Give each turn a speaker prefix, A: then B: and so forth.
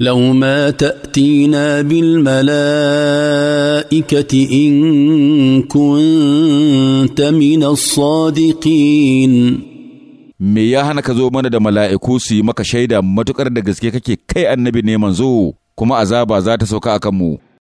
A: لو ما تاتينا بالملائكه ان
B: كنت من الصادقين me ya hana ka zo mana da mala'iku su yi maka shaida matukar da gaske kake kai annabi ne manzo kuma azaba za ta sauka a kanmu.